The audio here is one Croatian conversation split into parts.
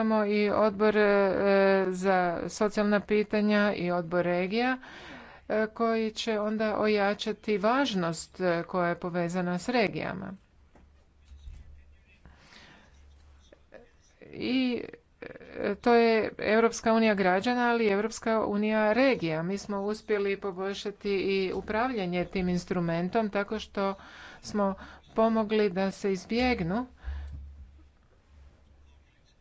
Imamo i odbor e, za socijalna pitanja i odbor regija e, koji će onda ojačati važnost e, koja je povezana s regijama. I to je Europska unija građana, ali Europska unija regija. Mi smo uspjeli poboljšati i upravljanje tim instrumentom tako što smo pomogli da se izbjegnu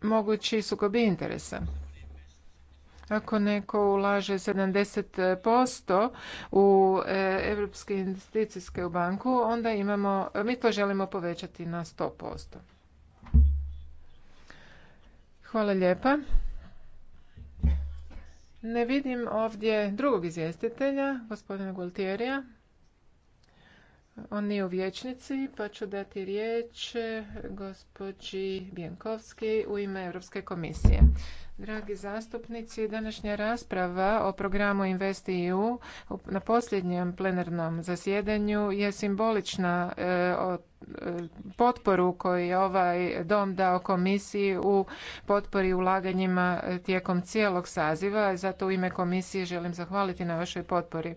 mogući sukobi interesa. Ako neko ulaže 70% u Europske investicijske u banku, onda imamo, mi to želimo povećati na 100%. Hvala lijepa. Ne vidim ovdje drugog izvjestitelja, gospodina Gualtierija. On nije u vječnici, pa ću dati riječ gospođi Bjenkovski u ime Europske komisije. Dragi zastupnici, današnja rasprava o programu InvestEU na posljednjem plenarnom zasjedanju je simbolična e, od e, potporu koju je ovaj dom dao komisiji u potpori ulaganjima tijekom cijelog saziva. Zato u ime komisije želim zahvaliti na vašoj potpori.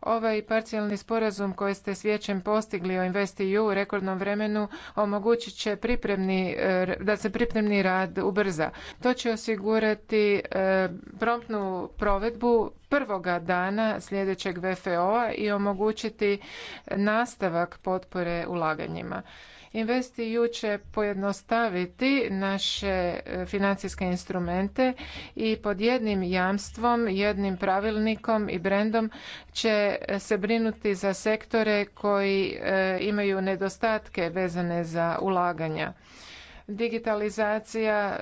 Ovaj parcijalni sporazum koji ste s postigli o InvestEU u rekordnom vremenu omogućit će pripremni, e, da se pripremni rad ubrza. To će osigurati osigurati e, promptnu provedbu prvoga dana sljedećeg VFO-a i omogućiti nastavak potpore ulaganjima. InvestEU će pojednostaviti naše e, financijske instrumente i pod jednim jamstvom, jednim pravilnikom i brendom će se brinuti za sektore koji e, imaju nedostatke vezane za ulaganja digitalizacija,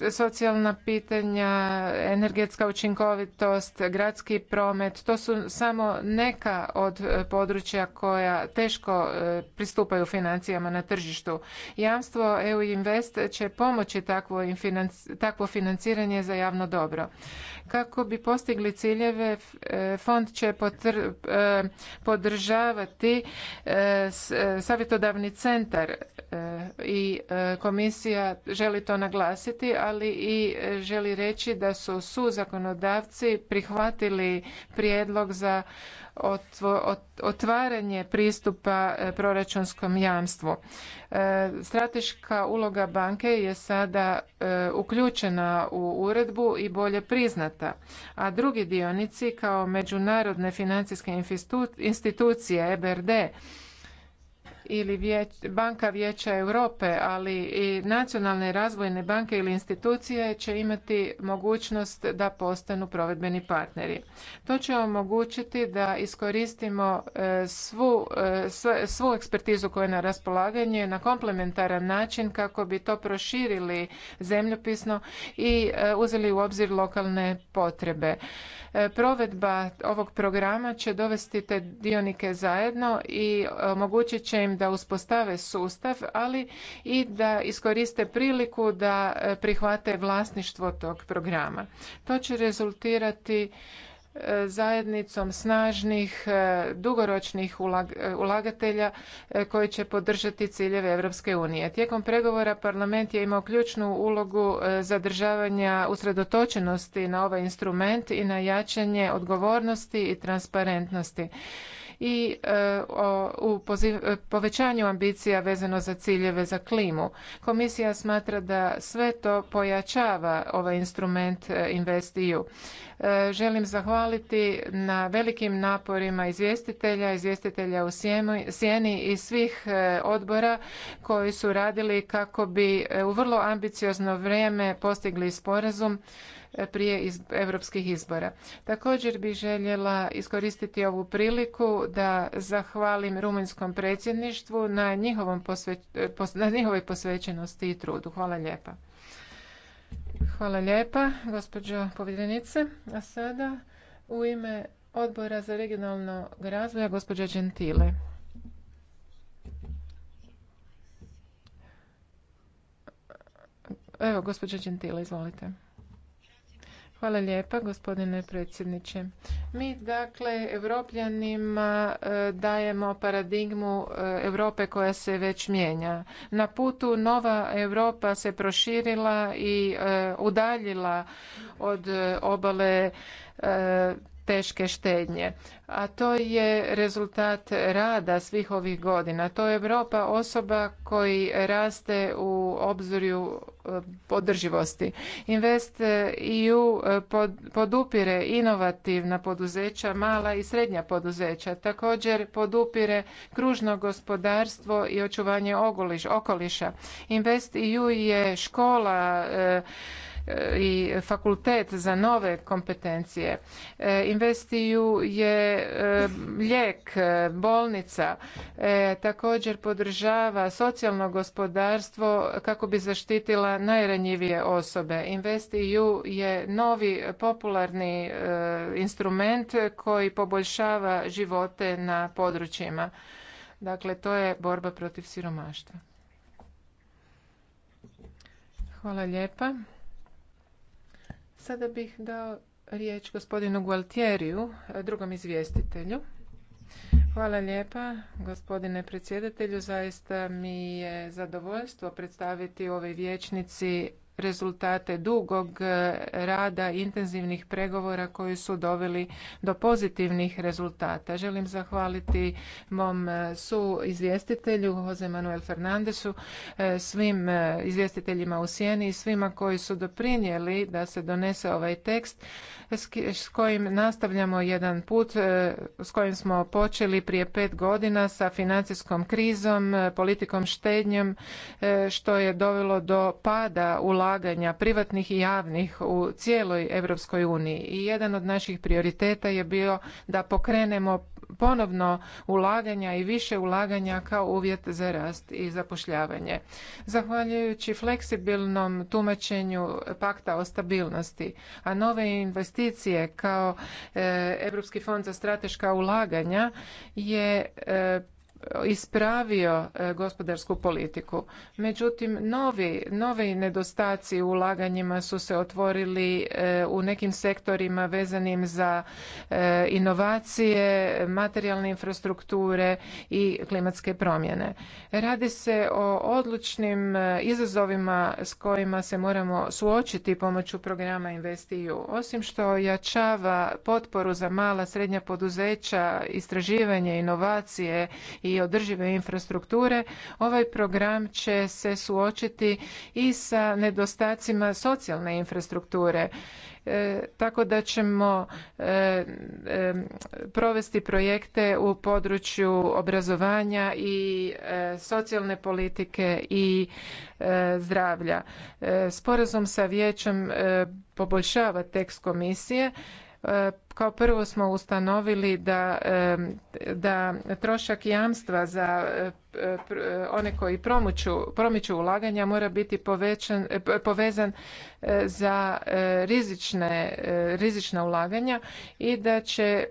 e, socijalna pitanja, energetska učinkovitost, gradski promet, to su samo neka od e, područja koja teško e, pristupaju financijama na tržištu. Jamstvo EU Invest će pomoći takvo, takvo financiranje za javno dobro. Kako bi postigli ciljeve, fond će podržavati savjetodavni centar i E, komisija želi to naglasiti, ali i želi reći da su suzakonodavci prihvatili prijedlog za otvaranje pristupa e, proračunskom jamstvu. E, strateška uloga banke je sada uključena u uredbu i bolje priznata, a drugi dionici kao međunarodne financijske institucije EBRD ili banka Vijeća Europe, ali i nacionalne razvojne banke ili institucije će imati mogućnost da postanu provedbeni partneri. To će omogućiti da iskoristimo e, svu, e, svu ekspertizu koja je na raspolaganje na komplementaran način kako bi to proširili zemljopisno i e, uzeli u obzir lokalne potrebe. Provedba ovog programa će dovesti te dionike zajedno i omogućit će im da uspostave sustav, ali i da iskoriste priliku da e, prihvate vlasništvo tog programa. To će rezultirati e, zajednicom snažnih e, dugoročnih ulagatelja koji će podržati ciljeve Europske unije. Tijekom pregovora parlament je imao ključnu ulogu zadržavanja usredotočenosti na ovaj instrument i na jačanje odgovornosti i transparentnosti i e, u e, povećanju ambicija vezano za ciljeve za klimu. Komisija smatra da sve to pojačava ovaj instrument e, InvestEU. Želim zahvaliti na velikim naporima izvjestitelja, izvjestitelja u sjeni i svih odbora koji su radili kako bi u vrlo ambiciozno vrijeme postigli sporazum prije iz, europskih izbora. Također bih željela iskoristiti ovu priliku da zahvalim rumunjskom predsjedništvu na, njihovom na njihovoj posvećenosti i trudu. Hvala lijepa. Hvala lijepa, gospođo povjerenice. A sada u ime Odbora za regionalnog razvoja, gospođa Gentile. Evo, gospođa Gentile, izvolite. Hvala lijepa gospodine predsjedniče. Mi dakle Evropljanima e, dajemo paradigmu e, Europe koja se već mijenja. Na putu nova Europa se proširila i e, udaljila od obale teške štednje. A to je rezultat rada svih ovih godina. To je Europa osoba koji raste u obzorju podrživosti. E, Invest EU e, podupire inovativna poduzeća, mala i srednja poduzeća. Također podupire kružno gospodarstvo i očuvanje okoliša. Invest EU je škola e, i fakultet za nove kompetencije. E, investiju je e, lijek, e, bolnica, također podržava socijalno gospodarstvo kako bi zaštitila najranjivije osobe. Investiju je novi popularni instrument koji poboljšava živote na područjima. Dakle, to je borba protiv siromaštva. Hvala lijepa. Sada bih dao riječ gospodinu Gualtieriju, drugom izvjestitelju. Hvala lijepa, gospodine predsjedatelju. Zaista mi je zadovoljstvo predstaviti ovoj vječnici rezultate dugog e, rada intenzivnih pregovora koji su doveli do pozitivnih rezultata. Želim zahvaliti mom e, su izvjestitelju Jose Manuel Fernandesu, e, svim izvjestiteljima u sjeni i svima koji su doprinijeli da se donese ovaj tekst s kojim nastavljamo jedan put s kojim smo počeli prije pet godina sa financijskom krizom, politikom štednjom što je dovelo do pada u ulaganja privatnih i javnih u cijeloj Europskoj uniji i jedan od naših prioriteta je bio da pokrenemo ponovno ulaganja i više ulaganja kao uvjet za rast i zapošljavanje. Zahvaljujući fleksibilnom tumačenju pakta o stabilnosti, a nove investicije kao Europski fond za strateška ulaganja je e, ispravio e, gospodarsku politiku. Međutim, novi, novi nedostaci u ulaganjima su se otvorili e, u nekim sektorima vezanim za e, inovacije, materijalne infrastrukture i klimatske promjene. Radi se o odlučnim izazovima s kojima se moramo suočiti pomoću programa InvestEU. Osim što jačava potporu za mala, srednja poduzeća, istraživanje, inovacije i i održive infrastrukture, ovaj program će se suočiti i sa nedostacima socijalne infrastrukture. E, tako da ćemo e, e, provesti projekte u području obrazovanja i socijalne politike i zdravlja. Sporazum sa vijećem poboljšava tekst komisije E, kao prvo smo ustanovili da, e, da trošak jamstva za e, one koji promiču ulaganja mora biti povećan, povezan za rizične, rizična ulaganja i da će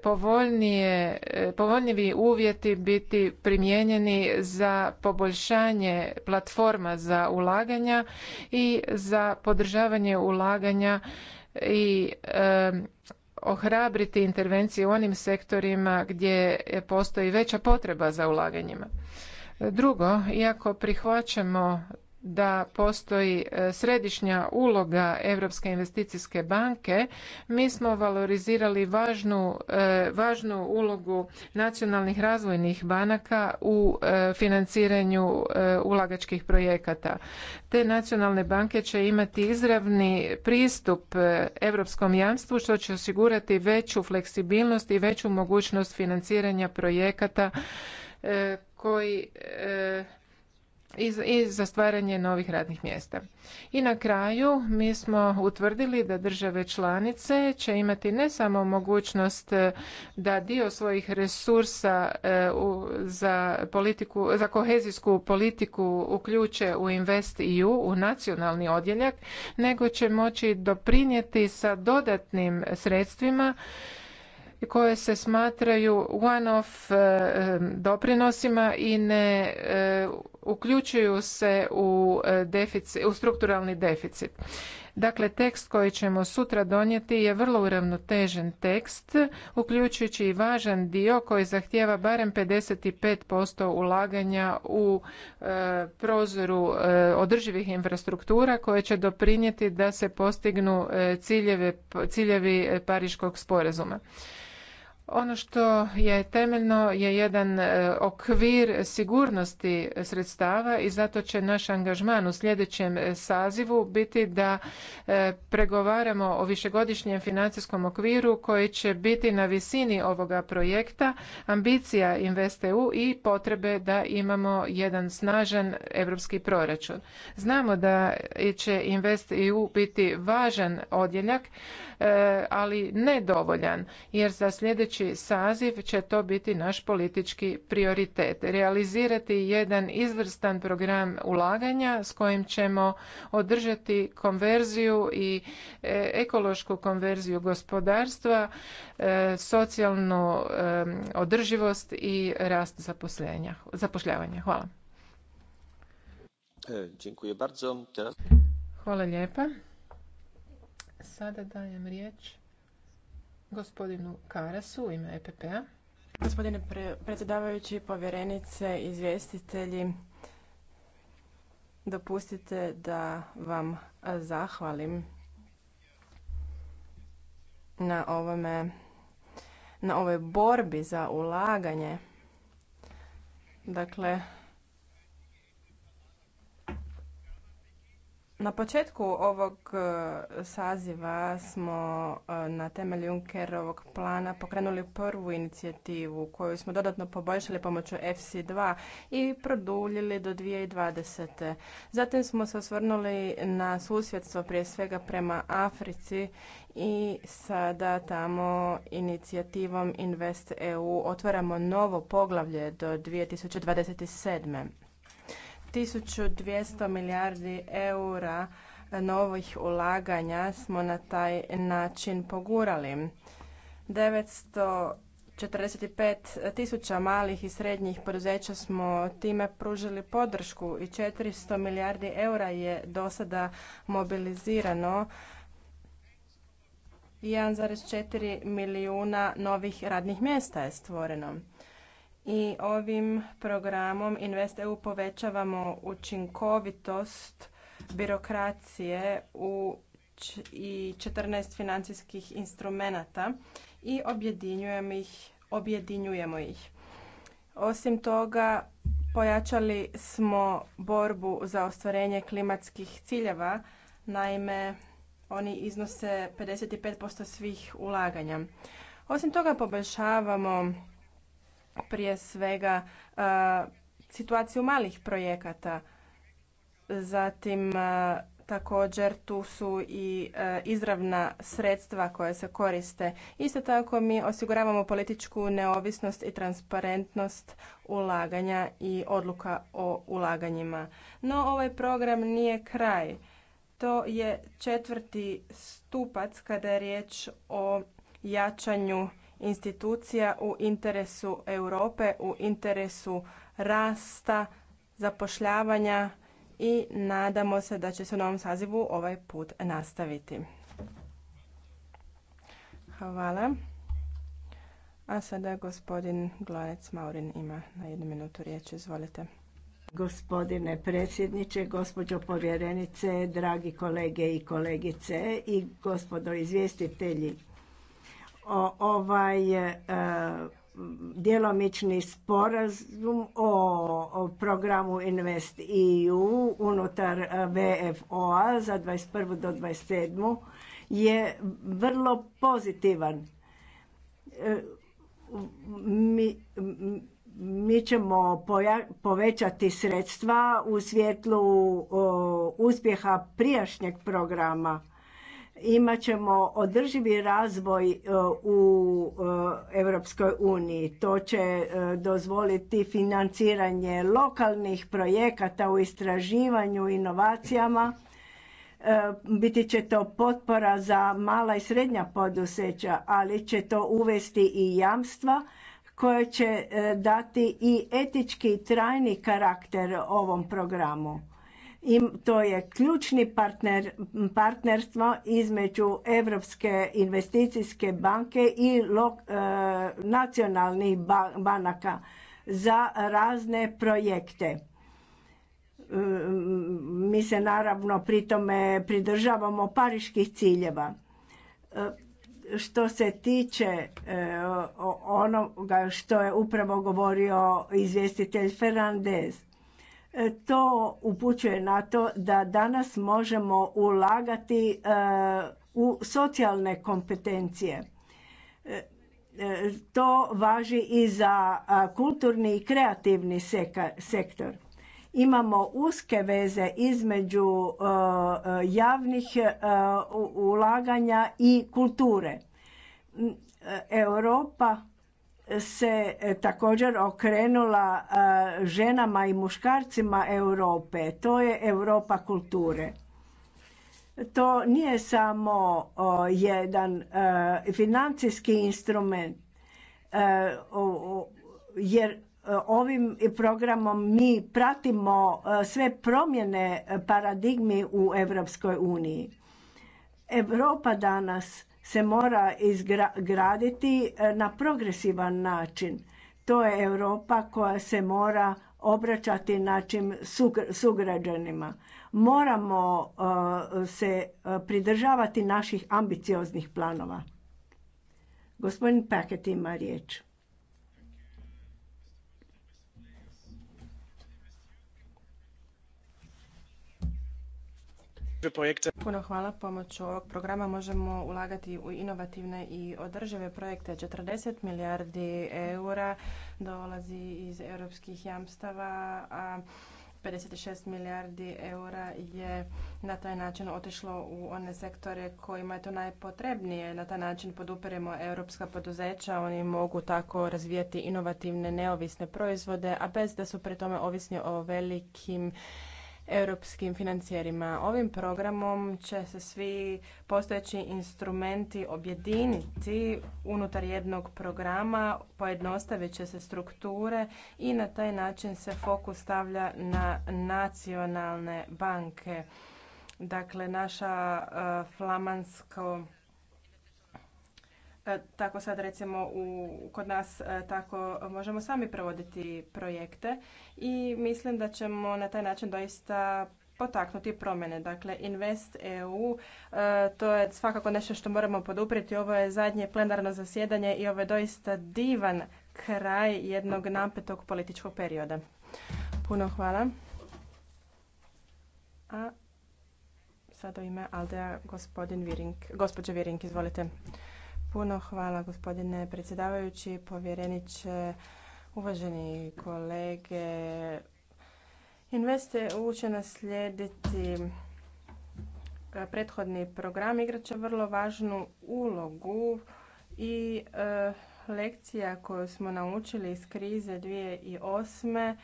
povoljniji uvjeti biti primijenjeni za poboljšanje platforma za ulaganja i za podržavanje ulaganja i ohrabriti intervencije u onim sektorima gdje postoji veća potreba za ulaganjima. Drugo, iako prihvaćamo da postoji e, središnja uloga Europske investicijske banke, mi smo valorizirali važnu, e, važnu ulogu nacionalnih razvojnih banaka u e, financiranju ulagačkih projekata. Te nacionalne banke će imati izravni pristup europskom jamstvu što će osigurati veću fleksibilnost i veću mogućnost financiranja projekata koji i za stvaranje novih radnih mjesta. I na kraju mi smo utvrdili da države članice će imati ne samo mogućnost e, da dio svojih resursa e, za politiku, za kohezijsku politiku uključe u Invest EU, u nacionalni odjeljak, nego će moći doprinijeti sa dodatnim sredstvima koje se smatraju one-off e, e, doprinosima i ne e, uključuju se u, strukturalni deficit. Dakle, tekst koji ćemo sutra donijeti je vrlo uravnotežen tekst, uključujući i važan dio koji zahtjeva barem 55% ulaganja u prozoru održivih infrastruktura koje će doprinijeti da se postignu ciljevi Pariškog sporazuma. Ono što je temeljno je jedan e, okvir sigurnosti sredstava i zato će naš angažman u sljedećem e, sazivu biti da e, pregovaramo o višegodišnjem financijskom okviru koji će biti na visini ovoga projekta, ambicija InvestEU i potrebe da imamo jedan snažan europski proračun. Znamo da će InvestEU biti važan odjeljak, ali ne dovoljan jer za sljedeći saziv će to biti naš politički prioritet. Realizirati jedan izvrstan program ulaganja s kojim ćemo održati konverziju i e, ekološku konverziju gospodarstva, e, socijalnu e, održivost i rast zapošljavanja. Hvala. Hvala lijepa. Sada dajem riječ gospodinu Karasu u ime EPP-a. Gospodine predsjedavajući, povjerenice, izvjestitelji, dopustite da vam zahvalim na ovome na ovoj borbi za ulaganje. Dakle, Na početku ovog e, saziva smo e, na temelju Junckerovog plana pokrenuli prvu inicijativu koju smo dodatno poboljšali pomoću FC2 i produljili do 2020. Zatim smo se osvrnuli na susjedstvo prije svega prema Africi i sada tamo inicijativom InvestEU otvaramo novo poglavlje do 2027. 1200 milijardi eura novih ulaganja smo na taj način pogurali. 945 tisuća malih i srednjih poduzeća smo time pružili podršku i 400 milijardi eura je do sada mobilizirano 1,4 milijuna novih radnih mjesta je stvoreno i ovim programom InvestEU povećavamo učinkovitost birokracije u i 14 financijskih instrumenata i objedinjujemo ih, objedinjujemo ih. Osim toga, pojačali smo borbu za ostvarenje klimatskih ciljeva, naime oni iznose 55% svih ulaganja. Osim toga, poboljšavamo prije svega e, situaciju malih projekata. Zatim e, također tu su i e, izravna sredstva koje se koriste. Isto tako mi osiguravamo političku neovisnost i transparentnost ulaganja i odluka o ulaganjima. No ovaj program nije kraj. To je četvrti stupac kada je riječ o jačanju institucija u interesu Europe, u interesu rasta, zapošljavanja i nadamo se da će se u novom sazivu ovaj put nastaviti. Hvala. A sada gospodin Glanec Maurin ima na jednu minutu riječ. Izvolite. Gospodine predsjedniče, gospođo povjerenice, dragi kolege i kolegice i gospodo izvjestitelji ovaj e, e, djelomični sporazum o programu Invest EU unutar e, vfoa za 21. do 27. je vrlo pozitivan. Mi, mi ćemo povećati sredstva u svjetlu uspjeha prijašnjeg programa imat ćemo održivi razvoj e, u Europskoj uniji. To će e, dozvoliti financiranje lokalnih projekata u istraživanju, inovacijama. E, biti će to potpora za mala i srednja poduzeća, ali će to uvesti i jamstva koje će dati i etički trajni karakter ovom programu to je ključni partnerstvo između Europske investicijske banke i e, nacionalnih banaka za razne projekte. E, mi se naravno pri tome pridržavamo pariških ciljeva. E, što se tiče onoga što je upravo govorio izvjestitelj Fernandez, E, to upućuje na to da danas možemo ulagati e, u socijalne kompetencije. E, to važi i za kulturni i kreativni sektor. Imamo uske veze između javnih ulaganja i kulture. Europa se e, također okrenula ženama i muškarcima Europe. To je Europa kulture. To nije samo jedan e, financijski instrument, e, jer ovim programom mi pratimo sve promjene paradigmi u Europskoj uniji. Europa danas se mora izgraditi e, na progresivan način. To je Europa koja se mora obraćati našim sugrađanima. Moramo e, se e, pridržavati naših ambicioznih planova. Gospodin Paket ima riječ. Puno hvala. Pomoću ovog programa možemo ulagati u inovativne i održive projekte. 40 milijardi eura dolazi iz europskih jamstava, a 56 milijardi eura je na taj način otišlo u one sektore kojima je to najpotrebnije. Na taj način podupiremo europska poduzeća, oni mogu tako razvijati inovativne, neovisne proizvode, a bez da su pri tome ovisni o velikim europskim financijerima. Ovim programom će se svi postojeći instrumenti objediniti unutar jednog programa, pojednostavit će se strukture i na taj način se fokus stavlja na nacionalne banke. Dakle, naša e, flamansko E, tako sad recimo u, kod nas e, tako možemo sami provoditi projekte i mislim da ćemo na taj način doista potaknuti promjene. Dakle, Invest EU, e, to je svakako nešto što moramo poduprijeti. Ovo je zadnje plenarno zasjedanje i ovo je doista divan kraj jednog napetog političkog perioda. Puno hvala. A sada u ime Aldea gospodin Virink, gospođa Virink, izvolite. Puno hvala gospodine predsjedavajući, povjereniče, uvaženi kolege. Investe uče naslijediti e, prethodni program igrat će vrlo važnu ulogu i e, lekcija koju smo naučili iz krize 2008.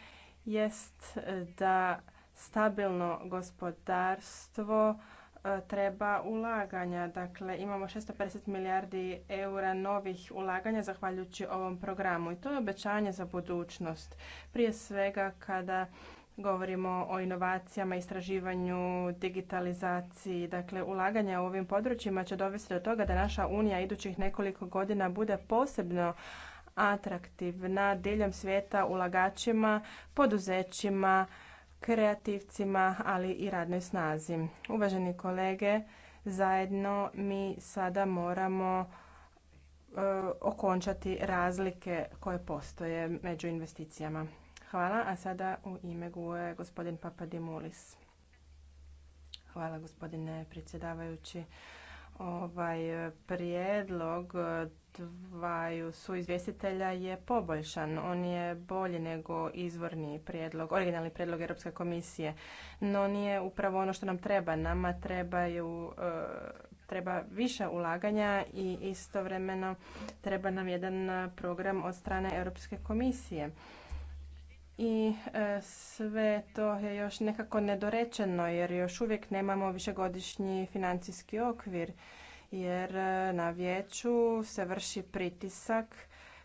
jest e, da stabilno gospodarstvo E, treba ulaganja. Dakle, imamo 650 milijardi eura novih ulaganja zahvaljujući ovom programu i to je obećanje za budućnost. Prije svega kada govorimo o inovacijama, istraživanju, digitalizaciji. Dakle, ulaganja u ovim područjima će dovesti do toga da naša Unija idućih nekoliko godina bude posebno atraktivna diljem svijeta ulagačima, poduzećima, kreativcima, ali i radnoj snazi. Uvaženi kolege, zajedno mi sada moramo e, okončati razlike koje postoje među investicijama. Hvala, a sada u ime guje gospodin Papadimulis. Hvala gospodine predsjedavajući. Ovaj prijedlog dvaju su izvjestitelja je poboljšan. On je bolji nego izvorni prijedlog, originalni prijedlog Europske komisije. No nije upravo ono što nam treba. Nama trebaju e, treba više ulaganja i istovremeno treba nam jedan program od strane Europske komisije. I e, sve to je još nekako nedorečeno jer još uvijek nemamo višegodišnji financijski okvir jer e, na vijeću se vrši pritisak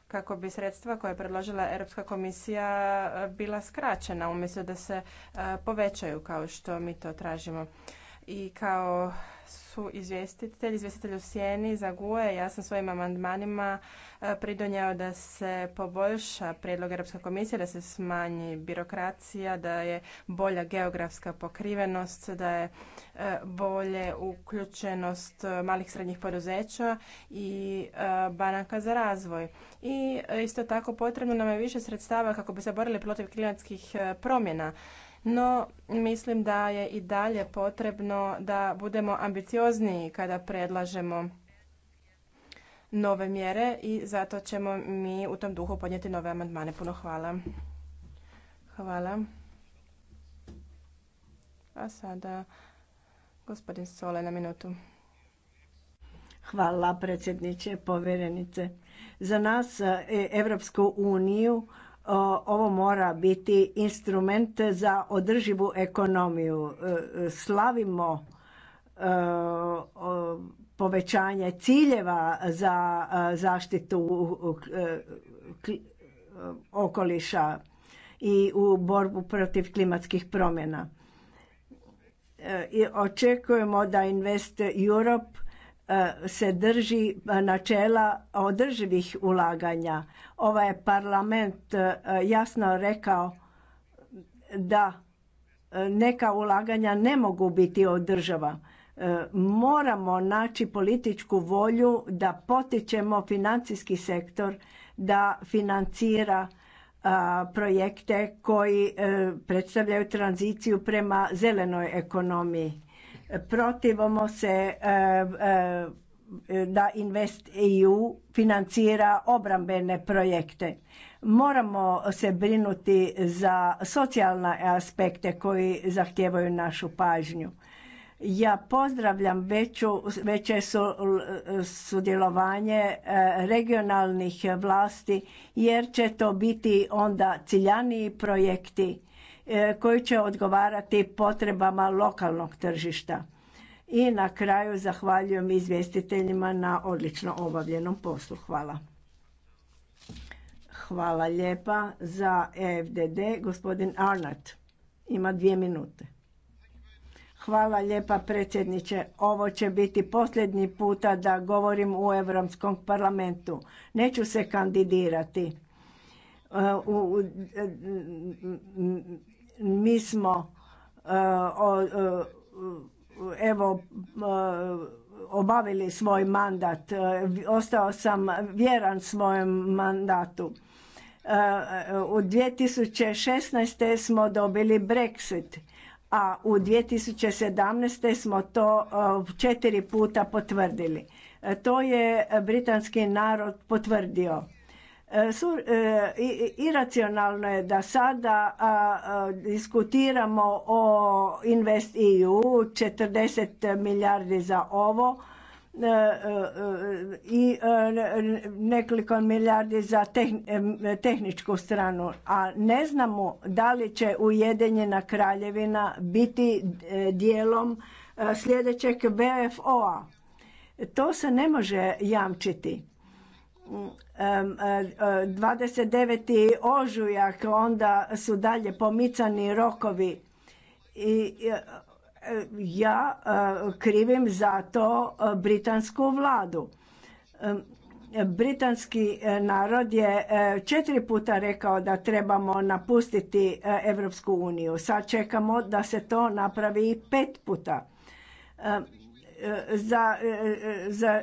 kako bi sredstva koje je predložila Europska komisija e, bila skraćena umjesto da se e, povećaju kao što mi to tražimo i kao su izvjestitelj, izvjestitelj u sjeni za GUE. Ja sam svojim amandmanima e, pridonjao da se poboljša prijedlog Europske komisije, da se smanji birokracija, da je bolja geografska pokrivenost, da je e, bolje uključenost e, malih srednjih poduzeća i banaka za razvoj. I isto tako potrebno nam je više sredstava kako bi se borili protiv klimatskih promjena no mislim da je i dalje potrebno da budemo ambiciozniji kada predlažemo nove mjere i zato ćemo mi u tom duhu podnijeti nove amandmane. Puno hvala. Hvala. A sada gospodin Sole na minutu. Hvala predsjedniče, povjerenice. Za nas, e, Evropsku uniju, ovo mora biti instrument za održivu ekonomiju. E, slavimo e, povećanje ciljeva za e, zaštitu okoliša i u borbu protiv klimatskih promjena. očekujemo da Invest Europe E, se drži e, načela održivih ulaganja. Ovaj je parlament e, jasno rekao da neka ulaganja ne mogu biti održava. Moramo naći političku volju da potičemo financijski sektor da financira projekte koji predstavljaju tranziciju prema zelenoj ekonomiji Protivimo se e, e, da Invest EU financira obrambene projekte. Moramo se brinuti za socijalne aspekte koji zahtijevaju našu pažnju. Ja pozdravljam veće sudjelovanje e, regionalnih vlasti jer će to biti onda ciljaniji projekti E, koji će odgovarati potrebama lokalnog tržišta. I na kraju zahvaljujem izvjestiteljima na odlično obavljenom poslu. Hvala. Hvala lijepa za EFDD. Gospodin Arnat ima dvije minute. Hvala lijepa predsjedniče. Ovo će biti posljednji puta da govorim u Europskom parlamentu. Neću se kandidirati. E, u mi smo e, e, evo e, obavili svoj mandat. Ostao sam vjeran svojem mandatu. U 2016. smo dobili Brexit, a u 2017. smo to četiri puta potvrdili. To je britanski narod potvrdio. E, su, e, iracionalno je da sada diskutiramo o Invest EU 40 milijardi za ovo e, i nekoliko milijardi za tehničku stranu, a ne znamo da li će Ujedinjena kraljevina biti dijelom sljedećeg BFO-a. To se ne može jamčiti 29. E, e, ožujak, onda su dalje pomicani rokovi. I e, ja krivim za to britansku vladu. Britanski narod je četiri puta rekao da trebamo napustiti Europsku uniju. Sad čekamo da se to napravi i pet puta. Za, za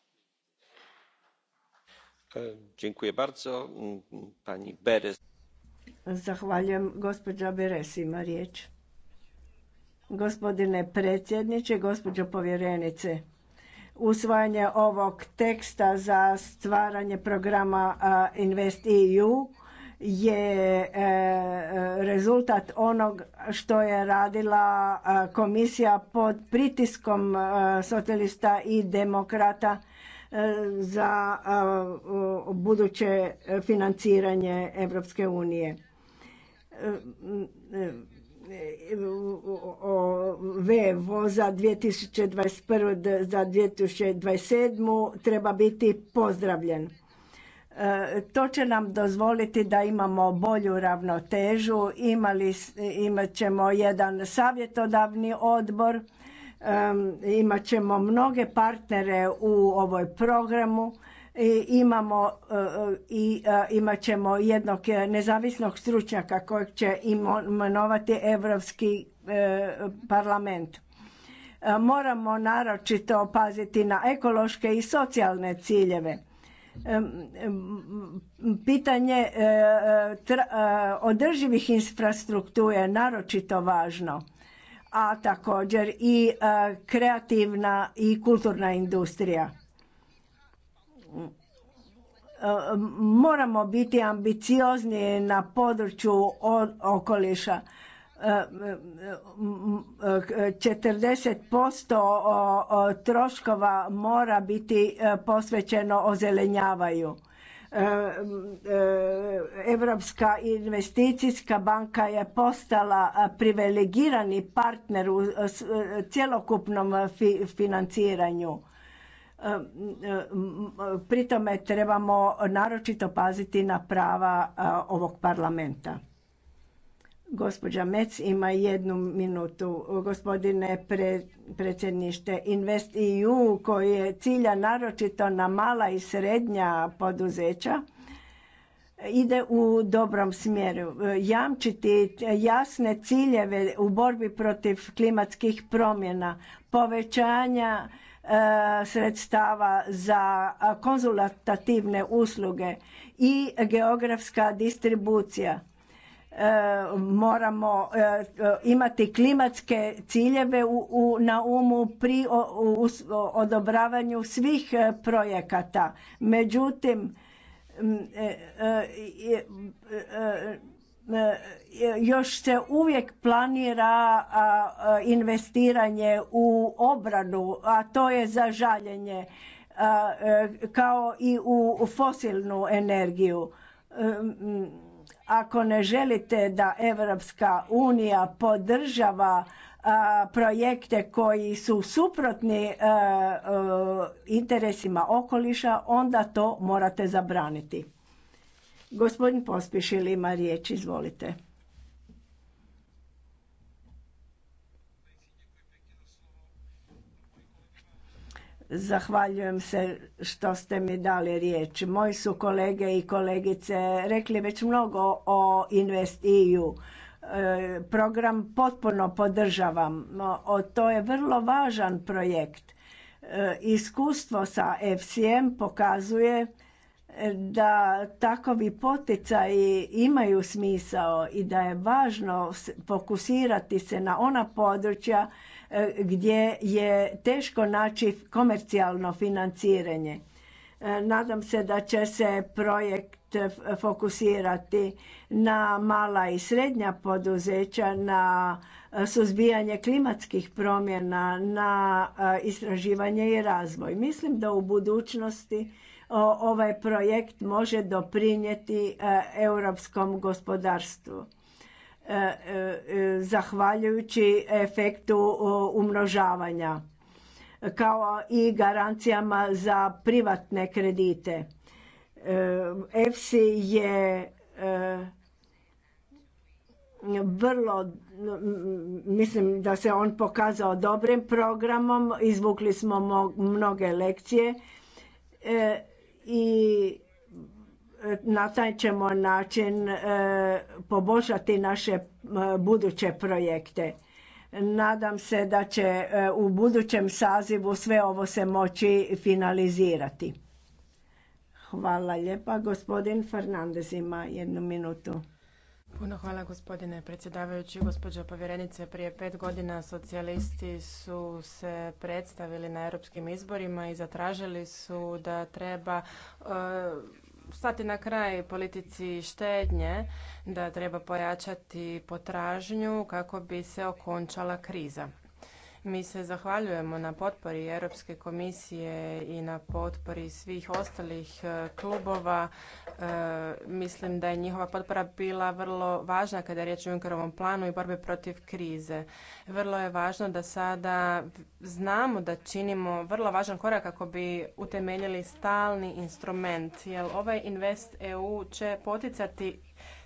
E, mm, mm, Zahvaljujem. Gospođa Beresima riječ. Gospodine predsjedniče, gospođo povjerenice, usvajanje ovog teksta za stvaranje programa InvestEU je e, rezultat onog što je radila komisija pod pritiskom socijalista i demokrata za buduće financiranje Europske unije. VEVO za 2021. za 2027. treba biti pozdravljen. E, to će nam dozvoliti da imamo bolju ravnotežu, imali, imat ćemo jedan savjetodavni odbor imat ćemo mnoge partnere u ovoj programu i imamo e, e, i e, imat ćemo jednog nezavisnog stručnjaka kojeg će imenovati Europski parlament. Moramo naročito paziti na ekološke i socijalne ciljeve. Pitanje održivih infrastrukture je naročito važno a također i e, kreativna i kulturna industrija. E, moramo biti ambiciozni na području okoliša. 40% e, troškova mora biti posvećeno ozelenjavaju Europska investicijska banka je postala privilegirani partner u cjelokupnom financiranju. Pri tome trebamo naročito paziti na prava ovog parlamenta. Gospođa Mec ima jednu minutu. Gospodine predsjednište, InvestEU koji je cilja naročito na mala i srednja poduzeća ide u dobrom smjeru. Jamčiti jasne ciljeve u borbi protiv klimatskih promjena, povećanja e, sredstava za konzultativne usluge i geografska distribucija E, moramo e, imati klimatske ciljeve na umu pri odobravanju svih e, projekata. Međutim, još se uvijek planira investiranje u obranu, a to je za žaljenje kao i u fosilnu energiju ako ne želite da Evropska unija podržava projekte koji su suprotni e, e, interesima okoliša, onda to morate zabraniti. Gospodin Pospišil ima riječ, izvolite. Zahvaljujem se što ste mi dali riječ. Moji su kolege i kolegice rekli već mnogo o InvestEU. E, program potpuno podržavam. To je vrlo važan projekt. E, iskustvo sa FCM pokazuje e, da takovi poticaji imaju smisao i da je važno fokusirati se na ona područja E, gdje je teško naći komercijalno financiranje. E, nadam se da će se projekt fokusirati na mala i srednja poduzeća, na e, suzbijanje klimatskih promjena, na istraživanje i razvoj. Mislim da u budućnosti ovaj projekt može doprinijeti europskom gospodarstvu E, e, zahvaljujući efektu umnožavanja kao i garancijama za privatne kredite. EFSI je e, vrlo, mislim da se on pokazao dobrim programom, izvukli smo mnoge lekcije i na taj ćemo način e, poboljšati naše e, buduće projekte. Nadam se da će e, u budućem sazivu sve ovo se moći finalizirati. Hvala lijepa. Gospodin Fernandez ima jednu minutu. Puno hvala gospodine predsjedavajući, gospođo povjerenice. Prije pet godina socijalisti su se predstavili na europskim izborima i zatražili su da treba stati na kraj politici štednje, da treba pojačati potražnju kako bi se okončala kriza. Mi se zahvaljujemo na potpori Europske komisije i na potpori svih ostalih e, klubova. E, mislim da je njihova potpora bila vrlo važna kada je riječ o Junkerovom planu i borbi protiv krize. Vrlo je važno da sada znamo da činimo vrlo važan korak kako bi utemeljili stalni instrument, jer ovaj Invest EU će poticati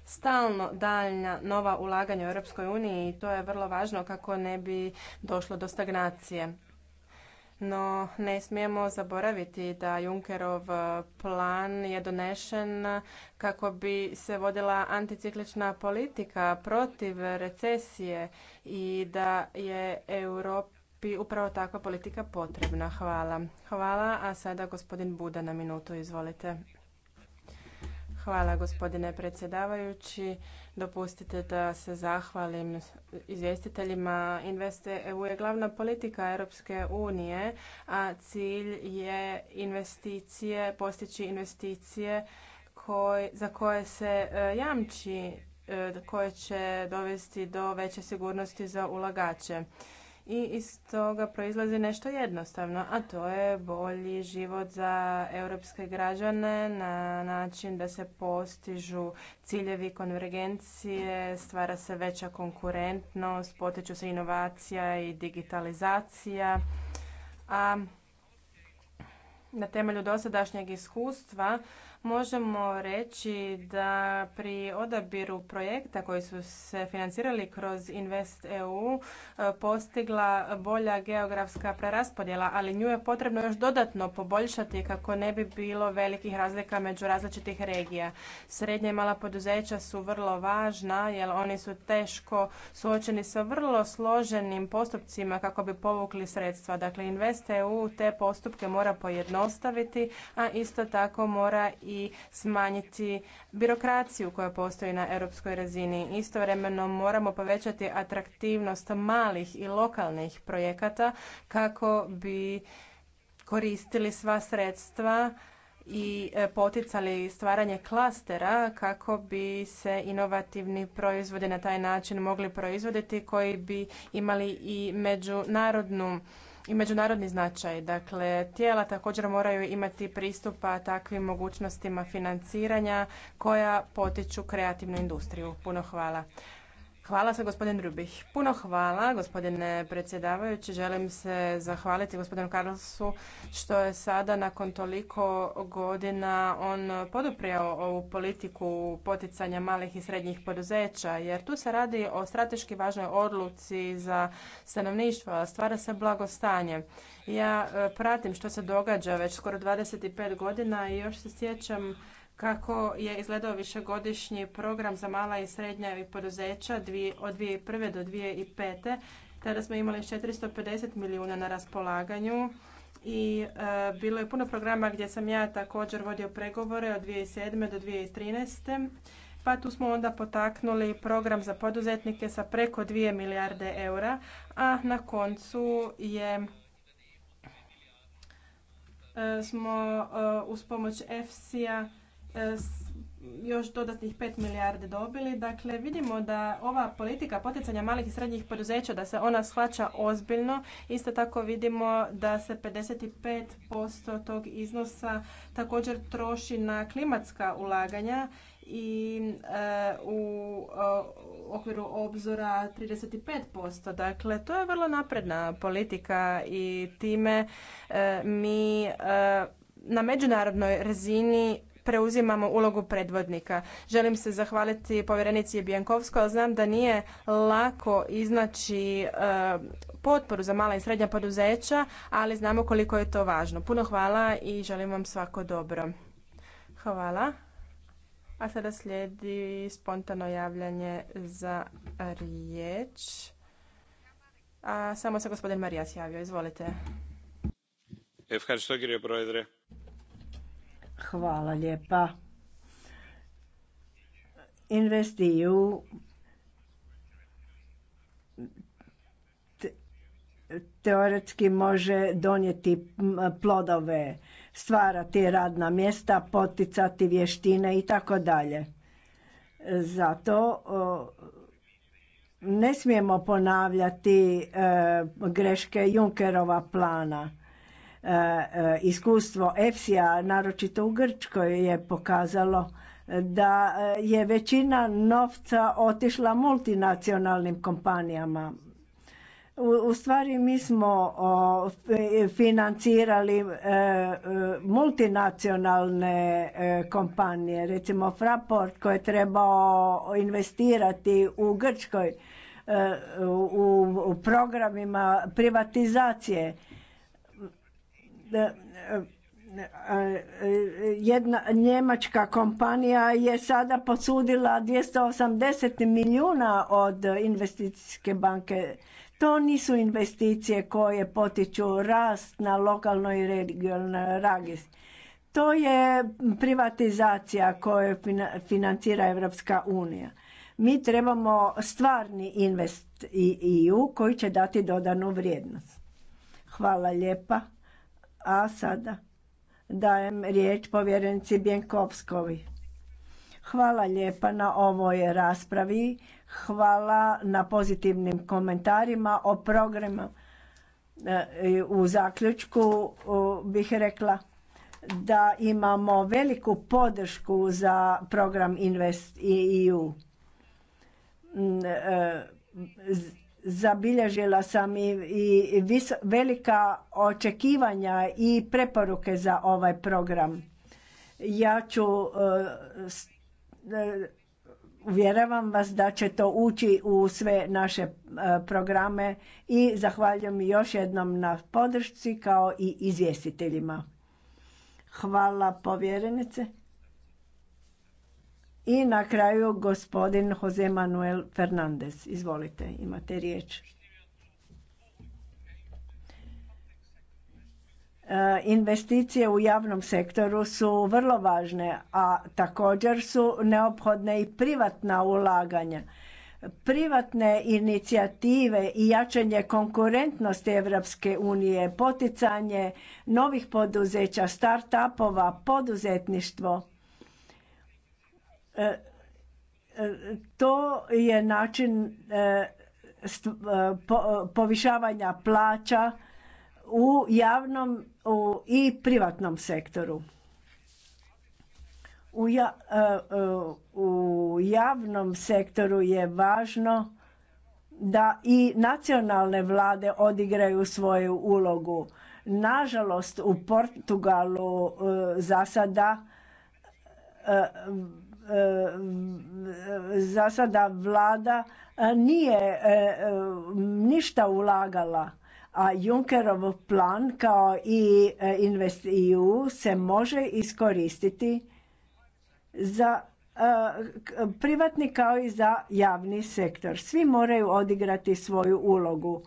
stalno daljnja nova ulaganja u Europskoj uniji i to je vrlo važno kako ne bi došlo do stagnacije. No, ne smijemo zaboraviti da Junckerov plan je donešen kako bi se vodila anticiklična politika protiv recesije i da je Europi upravo takva politika potrebna. Hvala. Hvala, a sada gospodin Buda na minutu, izvolite. Hvala gospodine predsjedavajući. Dopustite da se zahvalim izvjestiteljima. Investe EU je glavna politika Europske unije, a cilj je investicije, postići investicije koj, za koje se e, jamči e, koje će dovesti do veće sigurnosti za ulagače i iz toga proizlazi nešto jednostavno, a to je bolji život za europske građane na način da se postižu ciljevi konvergencije, stvara se veća konkurentnost, potiču se inovacija i digitalizacija, a na temelju dosadašnjeg iskustva možemo reći da pri odabiru projekta koji su se financirali kroz Invest EU e, postigla bolja geografska preraspodjela, ali nju je potrebno još dodatno poboljšati kako ne bi bilo velikih razlika među različitih regija. Srednja i mala poduzeća su vrlo važna jer oni su teško suočeni sa vrlo složenim postupcima kako bi povukli sredstva. Dakle, Invest EU te postupke mora pojednostaviti, a isto tako mora i i smanjiti birokraciju koja postoji na europskoj razini. Istovremeno moramo povećati atraktivnost malih i lokalnih projekata kako bi koristili sva sredstva i e, poticali stvaranje klastera kako bi se inovativni proizvodi na taj način mogli proizvoditi koji bi imali i međunarodnu i međunarodni značaj. Dakle, tijela također moraju imati pristupa takvim mogućnostima financiranja koja potiču kreativnu industriju. Puno hvala. Hvala se gospodin Rubih. Puno hvala gospodine predsjedavajući. Želim se zahvaliti gospodinu Karlsu što je sada nakon toliko godina on poduprijao ovu politiku poticanja malih i srednjih poduzeća jer tu se radi o strateški važnoj odluci za stanovništvo, stvara se blagostanje. Ja e, pratim što se događa već skoro 25 godina i još se sjećam kako je izgledao višegodišnji program za mala i srednja poduzeća od 2001. do 2005. Tada smo imali 450 milijuna na raspolaganju i e, bilo je puno programa gdje sam ja također vodio pregovore od 2007. do 2013. Pa tu smo onda potaknuli program za poduzetnike sa preko 2 milijarde eura, a na koncu je e, smo e, uz pomoć EFSI-a E, još dodatnih 5 milijardi dobili. Dakle, vidimo da ova politika poticanja malih i srednjih poduzeća, da se ona shvaća ozbiljno. Isto tako vidimo da se 55% tog iznosa također troši na klimatska ulaganja i e, u okviru obzora 35%. Dakle, to je vrlo napredna politika i time e, mi na međunarodnoj razini preuzimamo ulogu predvodnika. Želim se zahvaliti povjerenici Bijankovskoj, ali znam da nije lako iznaći e, potporu za mala i srednja poduzeća, ali znamo koliko je to važno. Puno hvala i želim vam svako dobro. Hvala. A sada slijedi spontano javljanje za riječ. A samo se gospodin Marijas javio. Izvolite. Hvala lijepa. Investiju teoretski može donijeti plodove, stvarati radna mjesta, poticati vještine i tako dalje. Zato ne smijemo ponavljati e, greške Junkerova plana E, iskustvo EFSI-a, naročito u Grčkoj, je pokazalo e, da e, je većina novca otišla multinacionalnim kompanijama. U stvari mi smo financirali multinacionalne kompanije, recimo Fraport koji je trebao investirati u Grčkoj u programima privatizacije E, e, jedna njemačka kompanija je sada posudila 280 milijuna od investicijske banke. To nisu investicije koje potiču rast na lokalnoj i regionalnoj ragis. To je privatizacija koju financira Evropska unija. Mi trebamo stvarni invest EU koji će dati dodanu vrijednost. Hvala lijepa. A sada dajem riječ povjerenici Bjenkovskovi. Hvala lijepa na ovoj raspravi. Hvala na pozitivnim komentarima o programu. E, u zaključku bih rekla da imamo veliku podršku za program Invest EU mm, e, zabilježila sam i, i velika očekivanja i preporuke za ovaj program. Ja ću e, e, uvjeravam vas da će to ući u sve naše e, programe i zahvaljujem još jednom na podršci kao i izvjestiteljima. Hvala povjerenice. I na kraju gospodin Jose Manuel Fernandez. Izvolite, imate riječ. E, investicije u javnom sektoru su vrlo važne, a također su neophodne i privatna ulaganja. Privatne inicijative i jačanje konkurentnosti Europske unije, poticanje novih poduzeća, start-upova, poduzetništvo to je način e, e, povišavanja plaća u javnom i privatnom sektoru. E, u javnom sektoru je važno da i nacionalne vlade odigraju svoju ulogu. Nažalost, u Portugalu za sada E, za sada vlada e, nije e, ništa ulagala, a Junckerov plan kao i InvestEU se može iskoristiti za privatni kao i za javni sektor. Svi moraju odigrati svoju ulogu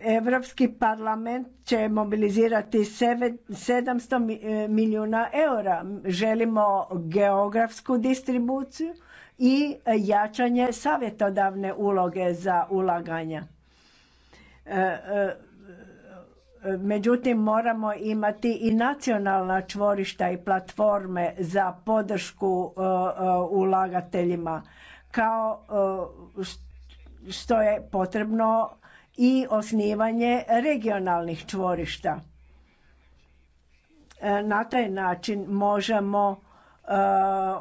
Europski parlament će mobilizirati 700 e, milijuna eura. Želimo geografsku distribuciju i jačanje savjetodavne uloge za ulaganja. E, e, međutim, moramo imati i nacionalna čvorišta i platforme za podršku ulagateljima kao što je potrebno i osnivanje regionalnih čvorišta. E, na taj način možemo e,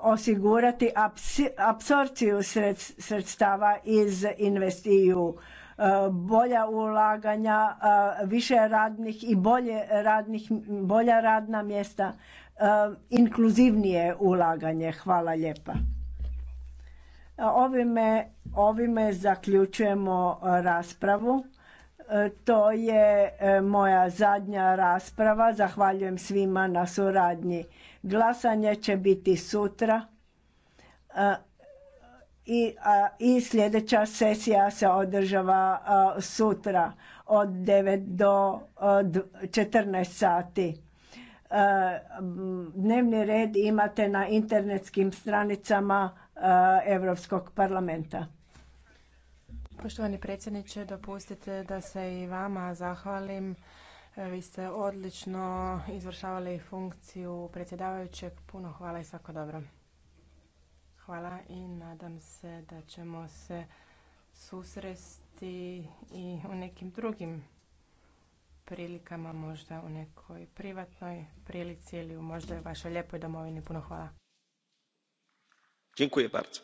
osigurati apsorpciju sredstava iz investiju, e, bolja ulaganja, više radnih i bolje radnih, bolja radna mjesta, inkluzivnije ulaganje. Hvala lijepa. Ovime, ovime zaključujemo e, raspravu. E, to je e, moja zadnja rasprava. Zahvaljujem svima na suradnji. Glasanje će biti sutra i, i sljedeća sesija se održava sutra od 9 do 14 sati. Dnevni red imate na internetskim stranicama Eh, Europskog parlamenta. Poštovani predsjedniče, dopustite da se i vama zahvalim. Eh, vi ste odlično izvršavali funkciju predsjedavajućeg. Puno hvala i svako dobro. Hvala i nadam se da ćemo se susresti i u nekim drugim prilikama, možda u nekoj privatnoj prilici ili u možda vašoj lijepoj domovini. Puno hvala dziękuję bardzo.